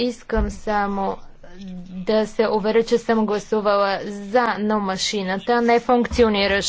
Искам само да се уверя, че съм гласувала за, но машината не функционираше.